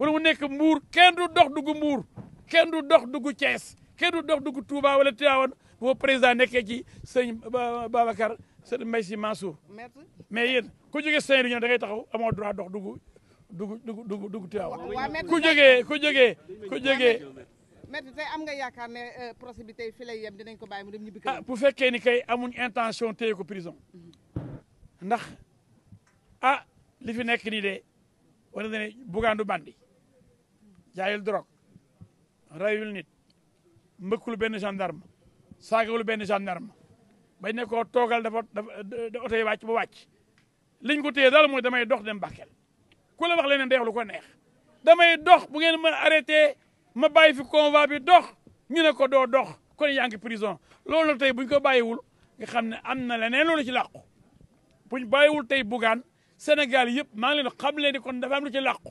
wala mu nekk mbuur kenn du dox dugg mbuur kenn du dox dugg Thiès kenn du dox tuuba Touba wala Tivaouane boo président nekkee ci sëñ Babacar sëñ Mbaye Sy Mansour mais yéen ku jógee Saint-Louis da ngay taxaw amoo droit dox dugg dugg dugg dugg dugg Tivaouane ku jógee ku jógee ku jógee maître tey am nga yaakaar ne euh, procès bi tey fi lay yem dinañ ko bàyyi mu dem ñibbi ah bu fekkee ni kay amuñ intention téye ko prison ndax ah li fi nekk nii de wala ne bugaandu bandi jaayul drogue rayul nit mbëkkul benn gendarme saagawul benn gendarme bañ ne ko toogal dafa dafa oto yi wàcc ba wàcc liñ ko téye daal mooy damay dox dem Bakel ku la wax leneen day lu ko neex damay dox bu ngeen mën arrêté ma bàyyi fi convoi bi dox ñu ne ko doo dox kon yaa ngi prison loolu tey buñ ko bàyyiwul nga xam ne am na leneen loolu ci làqu buñ bàyyiwul tey bugaan Sénégal yëpp maa ngi leen xam leen ni kon dafa am lu ci làqu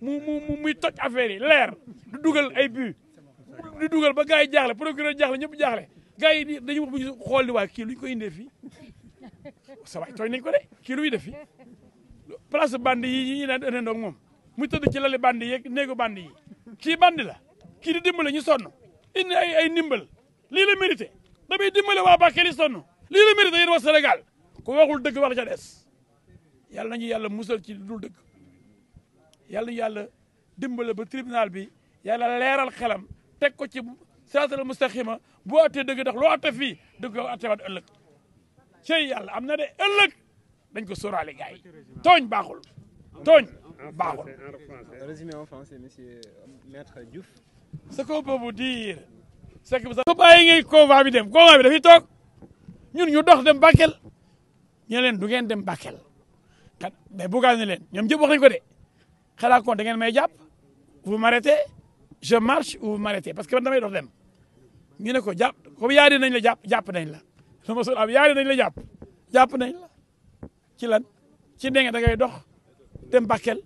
mu mu muy toj affaire yi leer du dugal ay but du dugal ba gars yi jaaxle procureur jaaxle ñëpp jaaxle gars yi dañu wax bu ñu xool di waa kii lu ñu ko indee fii sa waay tooñ nañ ko de kii lu ñu def fii place bandi yi ñu naan ëne ndoog moom muy tëdd ci lali bandi yeeg néegu bandi yi kii bandi la kii di dimbale ñu sonn indi ay ay ndimbal lii la mérité damay dimbale waa Bakel yi sonn lii la mérité yéen waa Sénégal ku waxul dëgg wax la ca des yàlla nañu yàlla musal ci dul dëgg yalla yalla dimbalé ba tribunal bi yalla léral xelam teg ko ci siraatal mustaqima bu attee dëgg ndax loo atte fii dëgg ko attewaat ëllëg cey yàlla am na de ëllëg dañ ko sóoraale gaay togn baxul togn baxul résumé en français monsieur euh, maître Diouf ce qu'on peut vous dire c'est que sa bàyyi ngay va bi dem ko va bi dafi tok ñun ñu dox dem Bakel ñu du ngeen dem Bakel kat mais bu ne leen ñom jëpp wax nañ ko dé xalaat kon da ngeen may jàpp vous m'arrêtez je marche ou vous parce que man damay dox dem ñu ne ko jàpp ko yaari nañ jàpp jàpp nañ la lu ma sol am yaari nañ la jàpp jàpp nañ la ci lan ci ndenge da ngay dox dem Bakel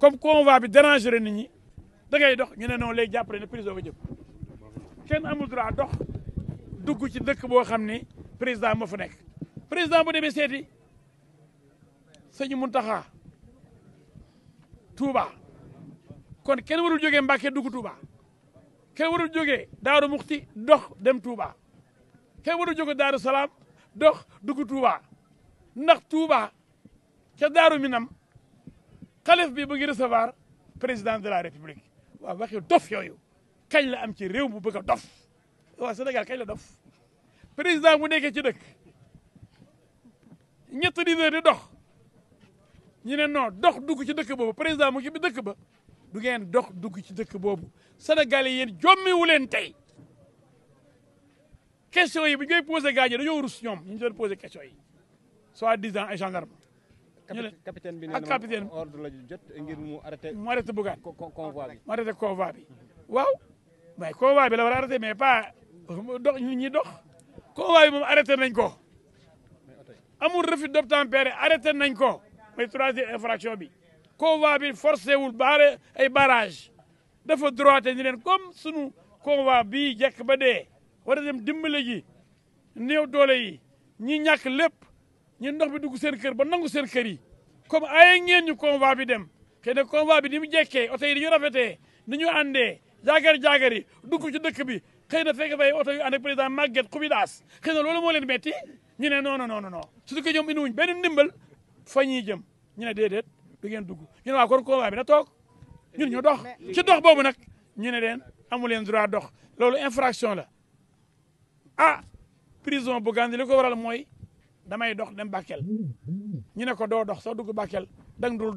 comme convoi bi déranger nit ñi da ngay dox ñu ne noonu léegi nañ ne prison nga jëm kenn amul droit dox dugg ci dëkk boo xam ne président moo fa nekk président bu demee seeti sëñ Mountakha Touba kon kenn warul jógee Mbacke dugg Touba kenn warul jógee Daaru Muxti dox dem Touba kenn warul jógee Daaru Salaam dox dugg Touba ndax Touba ca Daaru Minam xalif bi ba ngi président de la république waaw waxi dof yooyu kañ la am ci réew mu bëgg a dof waaw Sénégal kañ la dof président bu nekkee ci dëkk ñett dix heures di dox. ñu ne non dox dugg ci dëkk boobu président mu ngi bi dëkk ba du ngeen dox dugg ci dëkk boobu Sénégal yi yéen jommiwu leen tey question yi bi ñu koy posé gars yi dañoo rus ñoom ñu ngi doon posé question yi soit disant ay gendarme. ñu ne capitaine bi nee na capitaine ordre la jot ngir mu arrêté. mu arrêté bugaan convoi bi mu arrêté convoi bi waaw. mais convoi bi la war a arrêté mais pas dox ñu ñi dox. convoi bi moom arrêté nañ ko amul refus d'obtempérer arrêté nañ ko. mooy troisième infraction bi convoi bi forcé wul baare ay barrage dafa droité ni leen comme sunu convoi bi jekk ba dee war a dimbale ji néew doole yi ñii ñàkk lépp ñu ndox bi dugg seen kër ba nangu seen kër yi comme ay ngeen ñu convoi bi dem xëy na convoi bi ni mu jekkee oto yi ni ñu rafetee ni ñu àndee jaagar-jaagar yi dugg ci dëkk bi xëy na fekk fay oto yu ànd ak président Maguette Koumidas xëy na loolu moo metti ñu ne non non non non surtout que ñoom indiwuñ benn ndimbal fa ñuy jëm ñu ne déedéet du ngeen dugg ñu ne waa kon convoi bi na toog ñun ñu dox ci dox boobu nag ñu ne leen amu leen droit dox loolu infraction la a ah, prison bu Gànzi li ko waral mooy damay dox dem Bakel ñu ne ko doo dox soo dugg Bakel dang dul